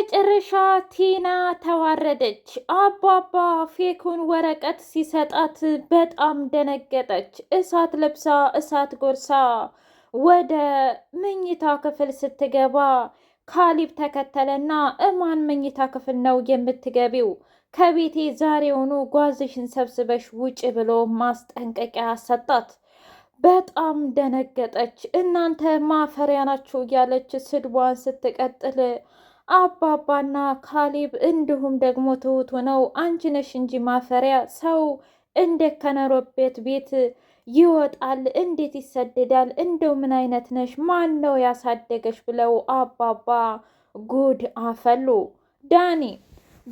በመጨረሻ ቲና ተዋረደች። አባባ ፌኩን ወረቀት ሲሰጣት በጣም ደነገጠች። እሳት ለብሳ እሳት ጎርሳ ወደ መኝታ ክፍል ስትገባ ካሊብ ተከተለና እማን መኝታ ክፍል ነው የምትገቢው? ከቤቴ ዛሬውኑ ጓዝሽን ሰብስበሽ ውጭ ብሎ ማስጠንቀቂያ ሰጣት። በጣም ደነገጠች። እናንተ ማፈሪያ ናችሁ እያለች ስድቧን ስትቀጥል አባባና ካሌብ እንዲሁም ደግሞ ትሁት ሆነው አንቺ ነሽ እንጂ ማፈሪያ ሰው እንደ ከነሮቤት ቤት ይወጣል እንዴት ይሰደዳል? እንደው ምን አይነት ነሽ? ማን ነው ያሳደገሽ? ብለው አባባ ጉድ አፈሉ። ዳኒ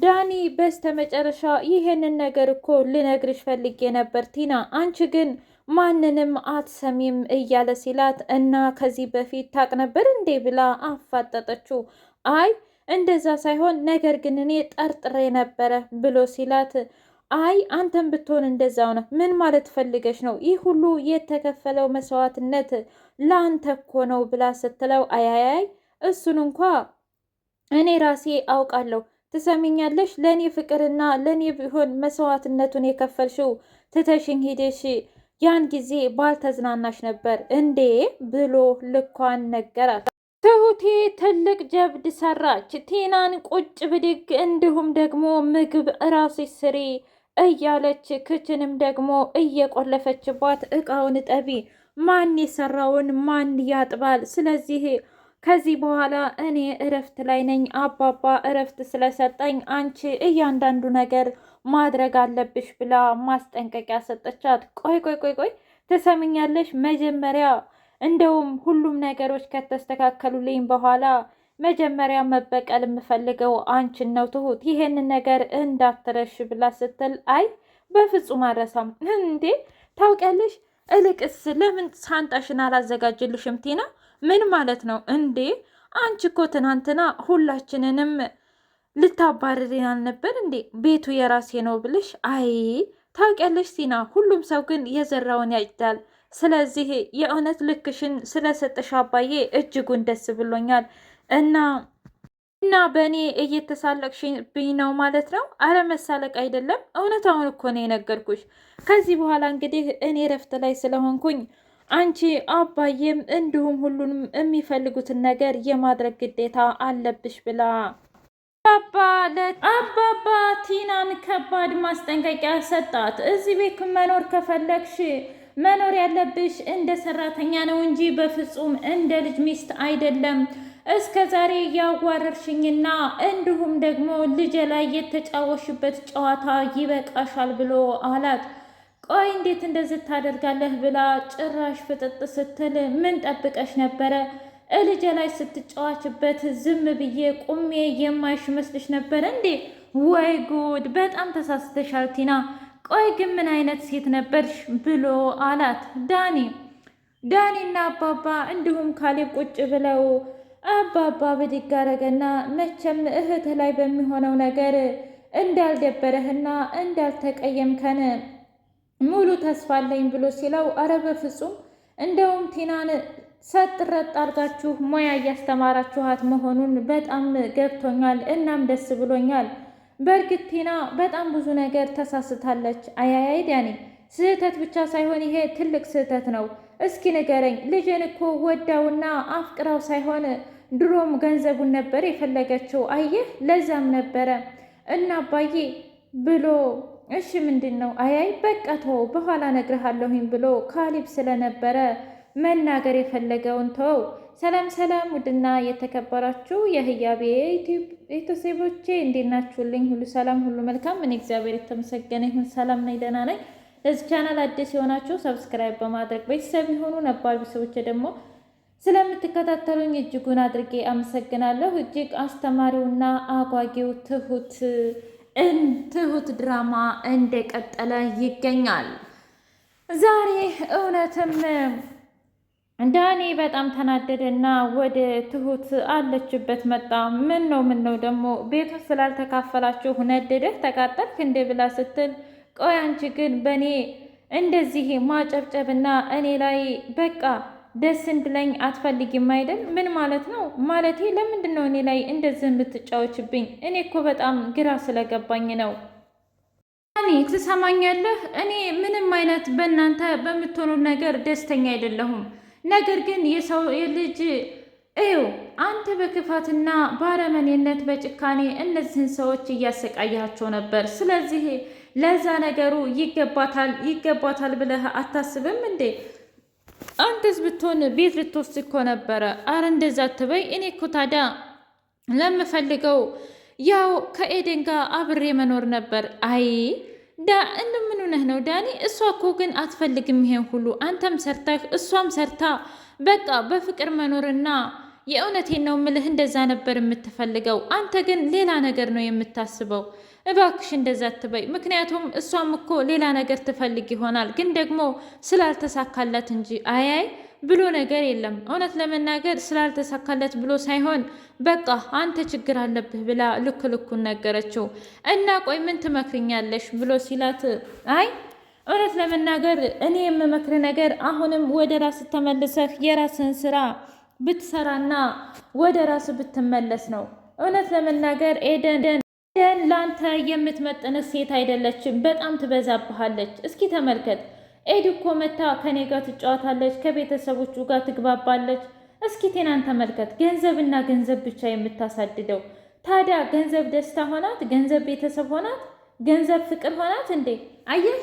ዳኒ በስተመጨረሻ ይሄንን ነገር እኮ ልነግርሽ ፈልጌ ነበር ቲና፣ አንቺ ግን ማንንም አትሰሚም እያለ ሲላት እና ከዚህ በፊት ታቅ ነበር እንዴ ብላ አፋጠጠችው። አይ እንደዛ ሳይሆን ነገር ግን እኔ ጠርጥሬ ነበረ ብሎ ሲላት አይ አንተም ብትሆን እንደዛው ነው። ምን ማለት ፈልገሽ ነው? ይህ ሁሉ የተከፈለው መስዋዕትነት ለአንተ እኮ ነው ብላ ስትለው አያያይ እሱን እንኳ እኔ ራሴ አውቃለሁ። ትሰሚኛለሽ? ለእኔ ፍቅርና ለእኔ ቢሆን መስዋዕትነቱን የከፈልሽው ትተሽኝ ሂደሽ ያን ጊዜ ባልተዝናናሽ ነበር እንዴ ብሎ ልኳን ነገራት። ትሁቴ ትልቅ ጀብድ ሰራች። ቲናን ቁጭ ብድግ እንዲሁም ደግሞ ምግብ እራሴ ስሪ እያለች ክችንም ደግሞ እየቆለፈችባት እቃውን ጠቢ፣ ማን የሰራውን ማን ያጥባል? ስለዚህ ከዚህ በኋላ እኔ እረፍት ላይ ነኝ። አባባ እረፍት ስለሰጠኝ አንቺ እያንዳንዱ ነገር ማድረግ አለብሽ ብላ ማስጠንቀቂያ ሰጠቻት። ቆይ ቆይ ቆይ ቆይ፣ ትሰምኛለሽ መጀመሪያ እንደውም ሁሉም ነገሮች ከተስተካከሉልኝ በኋላ መጀመሪያ መበቀል የምፈልገው አንቺን ነው ትሁት፣ ይሄንን ነገር እንዳትረሽ ብላ ስትል አይ በፍጹም አረሳም እንዴ ታውቂያለሽ፣ እልቅስ ለምን ሳንጣሽን አላዘጋጅልሽም? ቲና ምን ማለት ነው እንዴ? አንቺ እኮ ትናንትና ሁላችንንም ልታባርሪን አልነበር እንዴ? ቤቱ የራሴ ነው ብልሽ። አይ ታውቂያለሽ ቲና፣ ሁሉም ሰው ግን የዘራውን ያጭዳል። ስለዚህ የእውነት ልክሽን ስለሰጠሽ አባዬ እጅጉን ደስ ብሎኛል እና እና በእኔ እየተሳለቅሽብኝ ነው ማለት ነው? አለመሳለቅ አይደለም፣ እውነታውን እኮ ነው የነገርኩሽ። ከዚህ በኋላ እንግዲህ እኔ እረፍት ላይ ስለሆንኩኝ አንቺ አባዬም እንዲሁም ሁሉንም የሚፈልጉትን ነገር የማድረግ ግዴታ አለብሽ ብላ አባባ ቲናን ከባድ ማስጠንቀቂያ ሰጣት። እዚህ ቤት መኖር ከፈለግሽ መኖር ያለብሽ እንደ ሰራተኛ ነው እንጂ በፍጹም እንደ ልጅ ሚስት አይደለም። እስከ ዛሬ ያዋረርሽኝና እንዲሁም ደግሞ ልጄ ላይ የተጫወሽበት ጨዋታ ይበቃሻል ብሎ አላት። ቆይ እንዴት እንደዚህ ታደርጋለህ ብላ ጭራሽ ፍጥጥ ስትል ምን ጠብቀሽ ነበረ? እልጄ ላይ ስትጫዋችበት ዝም ብዬ ቁሜ የማይሽ መስልሽ ነበር እንዴ? ወይ ጉድ! በጣም ተሳስተሻል ቲና ቆይ ግን ምን አይነት ሴት ነበርሽ ብሎ አላት ዳኒ። ዳኒና አባባ እንዲሁም ካሌብ ቁጭ ብለው አባባ ብድግ አደረገና መቼም እህት ላይ በሚሆነው ነገር እንዳልደበረህና እንዳልተቀየምከን ሙሉ ተስፋ አለኝ ብሎ ሲለው፣ አረ በፍጹም እንደውም ቲናን ሰጥረጥ አርጋችሁ ሙያ እያስተማራችኋት መሆኑን በጣም ገብቶኛል። እናም ደስ ብሎኛል። በእርግጥ በጣም ብዙ ነገር ተሳስታለች። አያያይ ዳኒ፣ ስህተት ብቻ ሳይሆን ይሄ ትልቅ ስህተት ነው። እስኪ ንገረኝ፣ ልጄን እኮ ወዳውና አፍቅራው ሳይሆን ድሮም ገንዘቡን ነበር የፈለገችው። አየህ፣ ለዛም ነበረ እና አባዬ ብሎ እሺ ምንድን ነው አያይ፣ በቃ ተወው፣ በኋላ ነግረሃለሁኝ ብሎ ካሊብ ስለነበረ መናገር የፈለገውን ተው። ሰላም ሰላም! ውድና የተከበራችሁ የህያቤ ቤተሰቦቼ እንዴት ናችሁልኝ? ሁሉ ሰላም፣ ሁሉ መልካም። እኔ እግዚአብሔር የተመሰገነ ይሁን ሰላም ነኝ፣ ደህና ነኝ። ለዚህ ቻናል አዲስ የሆናችሁ ሰብስክራይብ በማድረግ ቤተሰብ የሆኑ ነባር ቤተሰቦቼ ደግሞ ስለምትከታተሉኝ እጅጉን አድርጌ አመሰግናለሁ። እጅግ አስተማሪውና አጓጊው ትሁት ትሁት ድራማ እንደቀጠለ ይገኛል። ዛሬ እውነትም ዳኔ በጣም ተናደደና ወደ ትሁት አለችበት መጣ። ምን ነው ምን ነው ደግሞ ቤቱ ስላልተካፈላችሁ ነደደህ ተቃጠልክ እንደ ብላ ስትል፣ ቆይ አንቺ ግን በእኔ እንደዚህ ማጨብጨብና እኔ ላይ በቃ ደስ እንድለኝ አትፈልጊም አይደል? ምን ማለት ነው? ማለቴ ለምንድን ነው እኔ ላይ እንደዚህ የምትጫወችብኝ? እኔ እኮ በጣም ግራ ስለገባኝ ነው። እኔ ትሰማኛለህ? እኔ ምንም አይነት በእናንተ በምትሆኑ ነገር ደስተኛ አይደለሁም ነገር ግን የሰው ልጅ እዩ አንተ በክፋትና ባረመኔነት በጭካኔ እነዚህን ሰዎች እያሰቃያቸው ነበር። ስለዚህ ለዛ ነገሩ ይገባታል ይገባታል ብለህ አታስብም እንዴ? አንተስ ብትሆን ቤት ልትወስድ እኮ ነበረ። አረ እንደዛ ትበይ። እኔ እኮ ታዲያ ለምፈልገው ያው ከኤደን ጋር አብሬ መኖር ነበር። አይ ዳ ሆነህ ነው ዳኒ? እሷ እኮ ግን አትፈልግም ይሄን ሁሉ አንተም ሰርተህ እሷም ሰርታ በቃ በፍቅር መኖርና የእውነቴን ነው ምልህ እንደዛ ነበር የምትፈልገው። አንተ ግን ሌላ ነገር ነው የምታስበው። እባክሽ እንደዛ አትበይ። ምክንያቱም እሷም እኮ ሌላ ነገር ትፈልግ ይሆናል፣ ግን ደግሞ ስላልተሳካላት እንጂ አያይ ብሎ ነገር የለም። እውነት ለመናገር ስላልተሳካለት ብሎ ሳይሆን በቃ አንተ ችግር አለብህ ብላ ልክ ልኩን ነገረችው። እና ቆይ ምን ትመክርኛለሽ ብሎ ሲላት አይ እውነት ለመናገር እኔ የምመክር ነገር አሁንም ወደ ራስ ተመልሰህ የራስን ስራ ብትሰራና ወደ ራስ ብትመለስ ነው። እውነት ለመናገር ኤደን ኤደን ለአንተ የምትመጥንህ ሴት አይደለችም። በጣም ትበዛብሃለች። እስኪ ተመልከት ኤድ እኮ መታ ከኔ ጋር ትጫወታለች፣ ከቤተሰቦቹ ጋር ትግባባለች። እስኪ ቴናን ተመልከት፣ ገንዘብና ገንዘብ ብቻ የምታሳድደው። ታዲያ ገንዘብ ደስታ ሆናት፣ ገንዘብ ቤተሰብ ሆናት፣ ገንዘብ ፍቅር ሆናት እንዴ? አየህ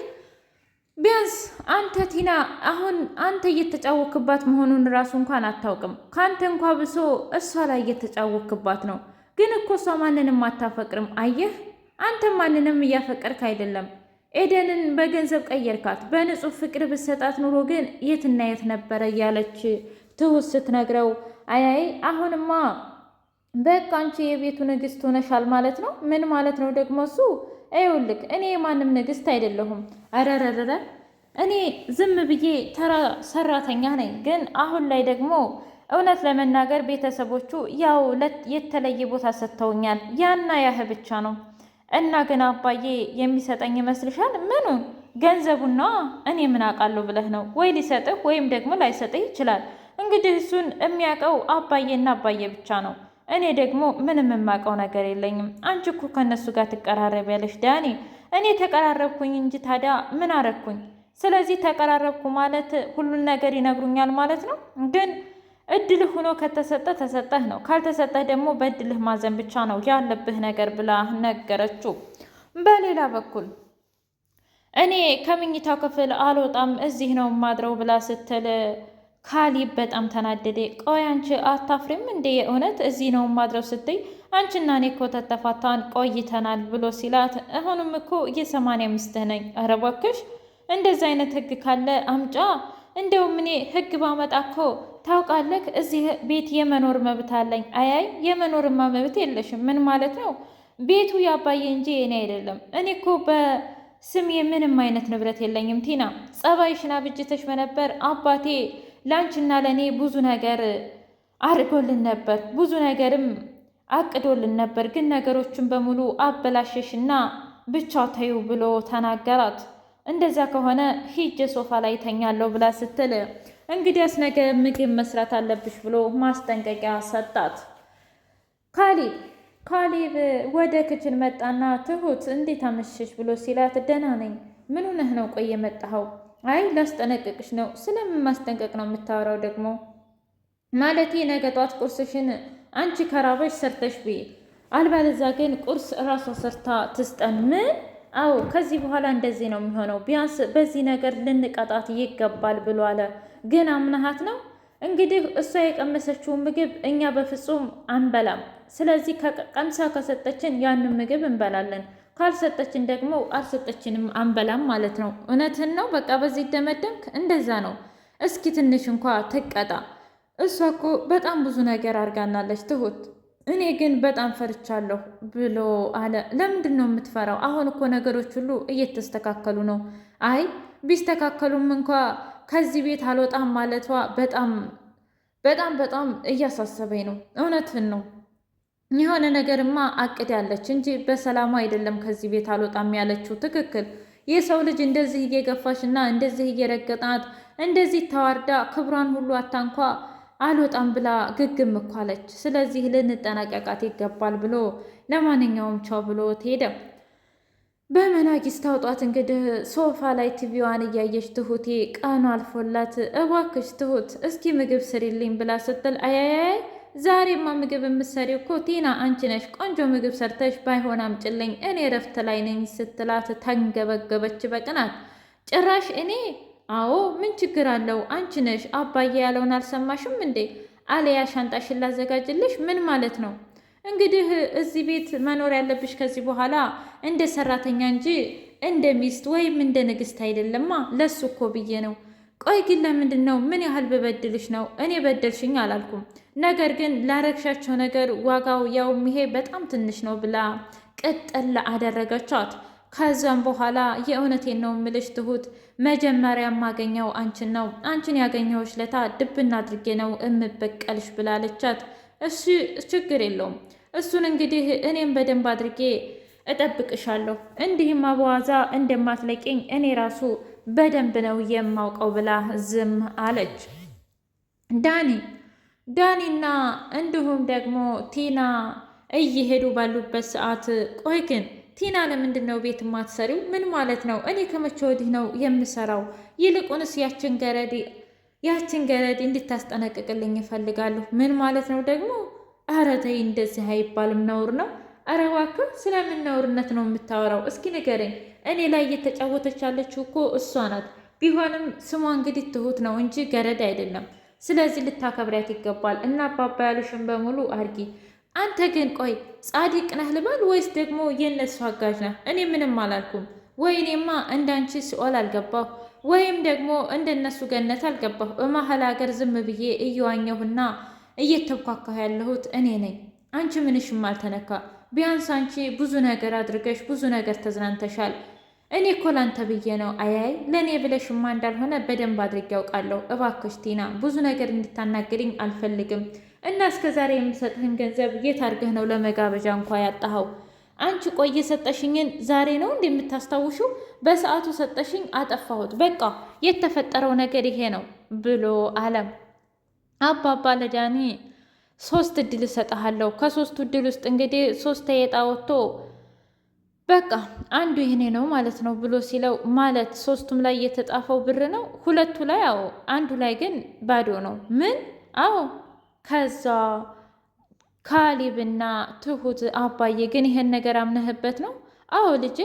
ቢያንስ አንተ ቲና አሁን አንተ እየተጫወክባት መሆኑን ራሱ እንኳን አታውቅም። ከአንተ እንኳ ብሶ እሷ ላይ እየተጫወክባት ነው። ግን እኮ እሷ ማንንም አታፈቅርም። አየህ አንተ ማንንም እያፈቀርክ አይደለም። ኤደንን በገንዘብ ቀየርካት። በንጹህ ፍቅር ብሰጣት ኑሮ ግን የትና የት ነበረ እያለች ትሁት ስትነግረው፣ አያይ አሁንማ በቃ አንቺ የቤቱ ንግስት ሆነሻል ማለት ነው። ምን ማለት ነው ደግሞ እሱ? ይኸውልህ እኔ የማንም ንግስት አይደለሁም። አረረረረ እኔ ዝም ብዬ ተራ ሰራተኛ ነኝ። ግን አሁን ላይ ደግሞ እውነት ለመናገር ቤተሰቦቹ ያው የተለየ ቦታ ሰጥተውኛል። ያና ያህ ብቻ ነው እና ግን አባዬ የሚሰጠኝ ይመስልሻል? ምኑን ገንዘቡና እኔ ምን አውቃለሁ ብለህ ነው? ወይ ሊሰጥህ ወይም ደግሞ ላይሰጥህ ይችላል። እንግዲህ እሱን የሚያውቀው አባዬና አባዬ ብቻ ነው። እኔ ደግሞ ምንም የማውቀው ነገር የለኝም። አንቺ እኮ ከእነሱ ጋር ትቀራረቢያለሽ ዳኒ። እኔ ተቀራረብኩኝ እንጂ ታዲያ ምን አረግኩኝ? ስለዚህ ተቀራረብኩ ማለት ሁሉን ነገር ይነግሩኛል ማለት ነው ግን እድልህ ሆኖ ከተሰጠ ተሰጠህ ነው፣ ካልተሰጠህ ደግሞ በእድልህ ማዘን ብቻ ነው ያለብህ ነገር ብላ ነገረችው። በሌላ በኩል እኔ ከምኝታው ክፍል አልወጣም እዚህ ነው ማድረው ብላ ስትል ካሊብ በጣም ተናደደ። ቆይ አንቺ አታፍሪም እንዴ? የእውነት እዚህ ነው ማድረው ስትይ አንቺና እኔ እኮ ተተፋታን ቆይተናል ብሎ ሲላት አሁንም እኮ የሰማንያ ሚስትህ ነኝ። ኧረ እባክሽ እንደዚ አይነት ህግ ካለ አምጫ። እንደውም እኔ ህግ ባመጣ እኮ ታውቃለህ፣ እዚህ ቤት የመኖር መብት አለኝ። አያይ የመኖርማ መብት የለሽም። ምን ማለት ነው? ቤቱ ያባየ እንጂ የኔ አይደለም። እኔ እኮ በስሜ ምንም አይነት ንብረት የለኝም። ቲና ጸባይሽና ብጅተሽ በነበር አባቴ ላንችና ለእኔ ብዙ ነገር አድርጎልን ነበር፣ ብዙ ነገርም አቅዶልን ነበር። ግን ነገሮችን በሙሉ አበላሸሽና ብቻ ተዩ ብሎ ተናገራት። እንደዛ ከሆነ ሂጄ ሶፋ ላይ ተኛለሁ ብላ ስትል እንግዲያስ ነገ ምግብ መስራት አለብሽ ብሎ ማስጠንቀቂያ ሰጣት። ካሊ ካሊብ ወደ ክችን መጣና ትሁት እንዴት አመሸሽ ብሎ ሲላት ደህና ነኝ። ምን ሆነህ ነው ቆይ የመጣኸው? አይ ላስጠነቅቅሽ ነው። ስለምን ማስጠንቀቅ ነው የምታወራው ደግሞ? ማለት ነገ ጧት ቁርስሽን አንቺ ከራበሽ ሰርተሽ ብዬ አልባለዛ ግን ቁርስ እራሷ ሰርታ ትስጠን። ምን? አዎ ከዚህ በኋላ እንደዚህ ነው የሚሆነው። ቢያንስ በዚህ ነገር ልንቀጣት ይገባል ብሎ አለ። ግን አምናሃት ነው እንግዲህ እሷ የቀመሰችውን ምግብ እኛ በፍጹም አንበላም። ስለዚህ ቀምሳ ከሰጠችን ያንን ምግብ እንበላለን፣ ካልሰጠችን ደግሞ አልሰጠችንም አንበላም ማለት ነው። እውነትን ነው። በቃ በዚህ ደመደምክ። እንደዛ ነው። እስኪ ትንሽ እንኳ ትቀጣ። እሷ እኮ በጣም ብዙ ነገር አድርጋናለች ትሁት፣ እኔ ግን በጣም ፈርቻለሁ ብሎ አለ። ለምንድን ነው የምትፈራው? አሁን እኮ ነገሮች ሁሉ እየተስተካከሉ ነው። አይ ቢስተካከሉም እንኳ ከዚህ ቤት አልወጣም ማለቷ በጣም በጣም በጣም እያሳሰበኝ ነው። እውነትን ነው የሆነ ነገርማ አቅድ ያለች እንጂ በሰላሙ አይደለም ከዚህ ቤት አልወጣም ያለችው። ትክክል የሰው ልጅ እንደዚህ እየገፋሽ እና እንደዚህ እየረገጣት እንደዚህ ተዋርዳ ክብሯን ሁሉ አታንኳ አልወጣም ብላ ግግም እኮ አለች። ስለዚህ ልንጠናቀቃት ይገባል ብሎ ለማንኛውም ቻው ብሎ ሄደ። በመናጊስ ታውጧት እንግዲህ ሶፋ ላይ ቲቪዋን እያየች ትሁቴ ቀኑ አልፎላት እባክሽ ትሁት እስኪ ምግብ ስሪልኝ ብላ ስትል አያያይ ዛሬማ ምግብ የምትሰሪው እኮ ቲና አንቺ ነሽ። ቆንጆ ምግብ ሰርተሽ ባይሆን አምጭልኝ እኔ ረፍት ላይ ነኝ ስትላት ተንገበገበች በቅናት ጭራሽ እኔ አዎ ምን ችግር አለው አንቺ ነሽ አባዬ ያለውን አልሰማሽም እንዴ አለያ ሻንጣሽን ላዘጋጅልሽ ምን ማለት ነው እንግዲህ እዚህ ቤት መኖር ያለብሽ ከዚህ በኋላ እንደ ሰራተኛ እንጂ እንደ ሚስት ወይም እንደ ንግስት አይደለማ። ለሱ እኮ ብዬ ነው። ቆይ ግን ለምንድን ነው ምን ያህል በበድልሽ ነው? እኔ በደልሽኝ አላልኩም፣ ነገር ግን ላረግሻቸው ነገር ዋጋው ያው ይሄ በጣም ትንሽ ነው ብላ ቅጥል አደረገቻት። ከዛም በኋላ የእውነቴን ነው ምልሽ ትሁት፣ መጀመሪያ የማገኘው አንቺን ነው። አንቺን ያገኘሁሽ ለታ ድብና አድርጌ ነው እምበቀልሽ ብላለቻት። እሺ ችግር የለውም እሱን እንግዲህ እኔም በደንብ አድርጌ እጠብቅሻለሁ፣ እንዲህም አበዋዛ እንደማትለቂኝ እኔ ራሱ በደንብ ነው የማውቀው ብላ ዝም አለች። ዳኒ ዳኒና እንዲሁም ደግሞ ቲና እየሄዱ ባሉበት ሰዓት ቆይ ግን ቲና ለምንድን ነው ቤት ማትሰሪው ምን ማለት ነው? እኔ ከመቼ ወዲህ ነው የምሰራው? ይልቁንስ ያችን ገረድ ያችን ገረድ እንድታስጠነቅቅልኝ እፈልጋለሁ። ምን ማለት ነው ደግሞ ኧረ ተይ እንደዚህ አይባልም፣ ነውር ነው። ኧረ እባክህ ስለምን ነውርነት ነው የምታወራው? እስኪ ንገረኝ። እኔ ላይ እየተጫወተች ያለችው እኮ እሷ ናት። ቢሆንም ስሟ እንግዲህ ትሁት ነው እንጂ ገረድ አይደለም። ስለዚህ ልታከብሪያት ይገባል። እና አባባ ያሉሽን በሙሉ አርጊ አንተ ግን ቆይ ጻድቅ ነህ ልበል ወይስ ደግሞ የእነሱ አጋዥ ነህ? እኔ ምንም አላልኩም። ወይ እኔማ እንዳንቺ ሲኦል አልገባሁ ወይም ደግሞ እንደነሱ ገነት አልገባሁ። በመሀል ሀገር ዝም ብዬ እየዋኘሁና እየተብኳካሁ ያለሁት እኔ ነኝ። አንቺ ምንሽም አልተነካ። ቢያንስ አንቺ ብዙ ነገር አድርገሽ ብዙ ነገር ተዝናንተሻል። እኔ እኮ ላንተ ብዬ ነው። አያይ ለእኔ ብለሽማ እንዳልሆነ በደንብ አድርጌ ያውቃለሁ። እባክሽ ቲና፣ ብዙ ነገር እንድታናግሪኝ አልፈልግም። እና እስከ ዛሬ የምሰጥህን ገንዘብ የት አድርገህ ነው ለመጋበዣ እንኳ ያጣኸው? አንቺ ቆይ የሰጠሽኝን ዛሬ ነው እንደምታስታውሹው? በሰዓቱ ሰጠሽኝ፣ አጠፋሁት። በቃ የተፈጠረው ነገር ይሄ ነው ብሎ አለም። አባባ ለዳኒ ሶስት እድል እሰጥሃለሁ። ከሶስቱ እድል ውስጥ እንግዲህ ሶስት የጣ ወጥቶ በቃ አንዱ ይህኔ ነው ማለት ነው ብሎ ሲለው፣ ማለት ሶስቱም ላይ የተጻፈው ብር ነው። ሁለቱ ላይ አዎ፣ አንዱ ላይ ግን ባዶ ነው። ምን? አዎ። ከዛ ካሊብና ትሁት አባዬ ግን ይሄን ነገር አምነህበት ነው? አዎ ልጄ፣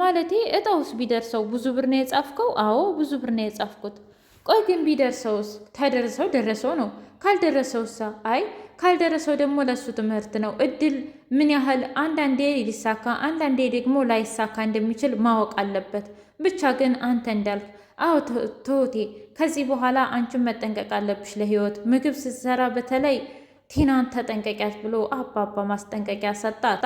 ማለቴ እጣውስ ቢደርሰው ብዙ ብር ነው የጻፍከው? አዎ ብዙ ብር ነው የጻፍኩት። ቆይ ግን ቢደርሰውስ? ተደረሰው ደረሰው ነው። ካልደረሰውሳ? አይ ካልደረሰው ደግሞ ለሱ ትምህርት ነው። እድል ምን ያህል አንዳንዴ ሊሳካ አንዳንዴ ደግሞ ላይሳካ እንደሚችል ማወቅ አለበት። ብቻ ግን አንተ እንዳልክ አዎ ትሁቴ፣ ከዚህ በኋላ አንቺን መጠንቀቅ አለብሽ። ለህይወት ምግብ ስትሰራ በተለይ ቲናን ተጠንቀቂያት ብሎ አባባ ማስጠንቀቂያ ሰጣት።